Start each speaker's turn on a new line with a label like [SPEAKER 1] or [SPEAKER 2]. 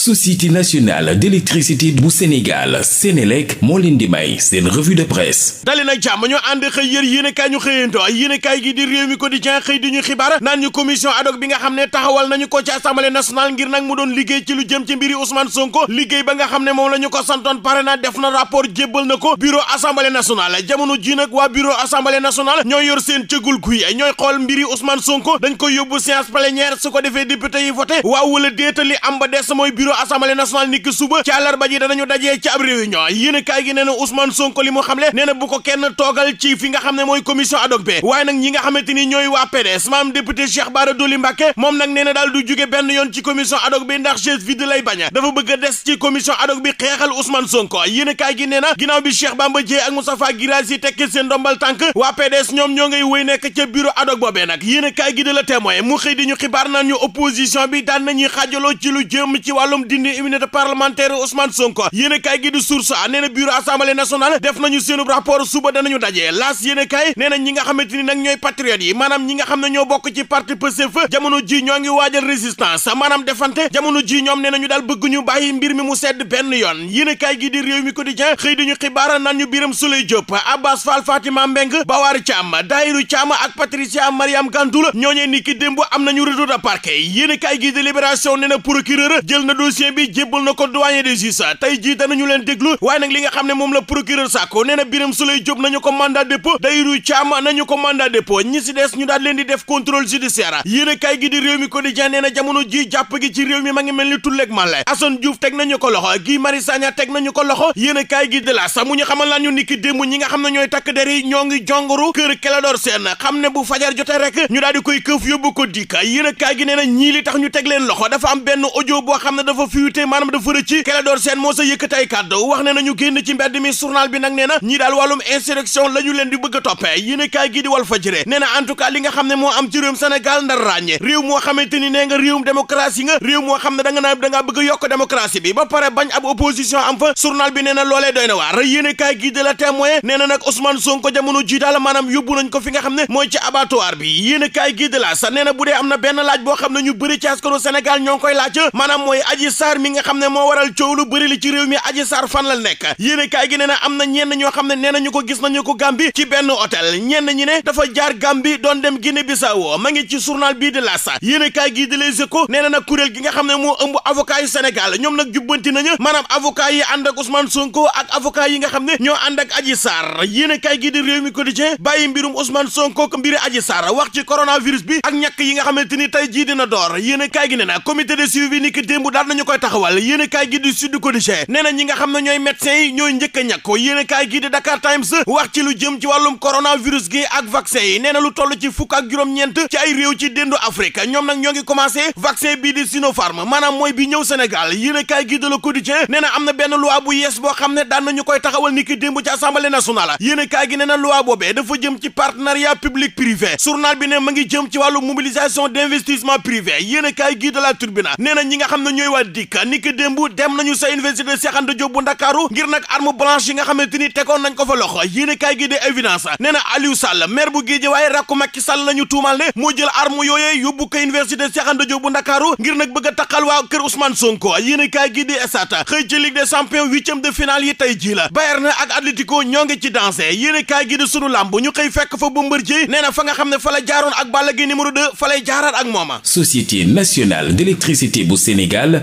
[SPEAKER 1] société nationale d'électricité bu Sénégal Sénélec moo leen di may seen revue de presse dali nag jàmm ñu ànd xëy yër yéenekaay ñu xëyanto yéenekaay gi di réew mi quotidien xëy di ñu xibaar naan ñu commission ad bi nga xam ne taxawal nañu ko ci assemblée nationale ngir nag mu doon liggéey ci lu jëm ci mbiri Ousmane Sonko liggéey ba nga xam ne moom la ko santoon pare na def na rapport jébbal na ko bureau assemblée nationale jamono ji nag bureau assemblée nationale ni ki suba ci àllarba ji danañu dajee ci ab réunion yéenekaay gi nee na Ousmane Sonko li mu xam le nee bu ko kenn toogal ci fi nga xam ne mooy commission ad hoc bi waaye nag ñi nga xamante ni ñooy waa PDS maam député Cheikh Bara Dolly Mbacké moom nag nee daal du jóge benn yoon ci commission ad hoc bi ndax chaise vide lay bañ dafa bëgg a des ci commission ad bi xeexal Ousmane Sonko yéenekaay gi nee gi de la bi daan nañuy xaajaloo ci lu jëm moom dindi immunité parlementaire Ousmane Sonko yéen a kaay gi di source nee na bureau assemblée nationale def nañu seenu rapport suba danañu dajee laas yéen a kaay nee ñi nga xamante nag ñooy patriotes yi maanaam ñi nga xam ne ñoo bokk ci parti Pastef jamono ji ñoo ngi waajal résistance maanaam defante jamono ji ñoom nee ñu daal bëgg ñu mbir mi mu sedd benn yoon yéen a gi di réew mi quotidien xëy diñu xibaara naan ñu Birame Souleye Diop Abbas Fall Fatima Mbeng Bawar Thiam Dahiru dossier bi jébbal na ko doyen des juges tey jii danañu leen déglu waaye nag li nga xam ne moom la procureur sàkko nee na Birame Souleye Diop nañu ko mandat dépôt Dayru Thiam nañu ko mandat dépôt ñi si des ñu daal leen di def contrôle judiciaire yéen a kaay gi di réew mi quotidien nee na jamono ji jàpp gi ci réew mi ma ngi mel ni tulleeg màlle Assane Diouf teg nañu ko loxo Guy Marius Sagna teg nañu ko loxo yéen gi de la sa mu ñu xamal laan ñu niki démb ñi a kaay gi nee am benn dafa fuité maanaam dafa rëcc Clédor Sène moo sa yëkkatay kàddu wax ne nañu génn ci mbedd mi bi nag nee na ñii daal wàllum insurrection leen di bëgg a toppee yéen a kaay gii di Walf Fadjri nee na en nga xam ne moo am ci réewum Sénégal ndar moo xam ne da nga naa da a yokk démocratie bi ba pare bañ ab opposition am fa journal bi nee na loolee doy na waar yéen a kaay gii di La nee na nag Ousmane ko fi mooy ci abattoir bi boo xam ne ñu bëri Adji Sarr mi nga xam ne moo waral coow lu bëri ci réew mi aj Sarr fan la nekk yéen kaay gi nee na am na ñenn ñoo xam ne nee nañu ko gis nañu ko Gàmbi ci benn hôtel ñenn ñi ne dafa jaar Gàmbi doon dem Guinée Bissau ma ngi ci journal bii di L'As yéen kaay gii di Les Échos nee na nag kuréel gi nga xam ne moo ëmb avocat yu ñoom nag jubbanti nañu maanaam avocat yi ànd ak Ousmane Sonko ak avocat yi nga xam ne ñoo ànd ak Adji Sarr yéen kaay gii di réew mi quotidien bàyyi mbirum Ousmane Sonko ak mbiri Adji Sarr wax ci coronavirus bi ak ñàkk yi nga xamante ni tey jii dina door yéen kaay gi nee na comité de suivi ni ki ñu koy taxawal yéen a kaay gi di Sud Quotidien ñi nga xam ne ñooy médecins yi ñooy njëkk a ñàkk yéen a kaay gi di Dakar Times wax ci lu jëm ci wàllum coronavirus gi ak vaccin yi nee na lu toll ci fukk ak juróom-ñeent ci ay réew ci déndu Afrique ñoom nag ñoo ngi commencé vaccin bii di Sinopharm maanaam mooy bi ñëw Sénégal yéen a kaay gi de Le Quotidien nee na am na benn lu bu yees boo xam ne daan nañu koy taxawal ni ki démb ci a kaay gi nee na loi boobee dafa jëm ci partenariat public privé journal ne ma ngi a gi de La Tribune nee ne ñooy dikk ni ki démb dem nañu sa université Cheikh Anta Diop bu Ndakaaru ngir nag arme blanche yi nga xamante ni tegoon nañ ko fa loxo yéen kaay gi de évidence nee na Aliou Sall maire bu Guédiawaye rakku Macky Sall la ñu tuumal ne moo jël armu yooyee yóbbu ko université Cheikh Anta Diop bu Ndakaaru ngir nag bëgg a taqal waa kër Ousmane Sonko yéen kaay gi de Stades xëy ci Ligue des champions huitième de finale yi tey jii la Bayern ak Atlético ñoo ngi ci dansé yéen kaay gi de sunu làmb ñu xëy fekk fa Bombardier nee na fa nga xam ne fa la jaaroon ak Balla Gaye numéro 2 fa lay jaaraat ak mooma société nationale d'électricité bu Sénégal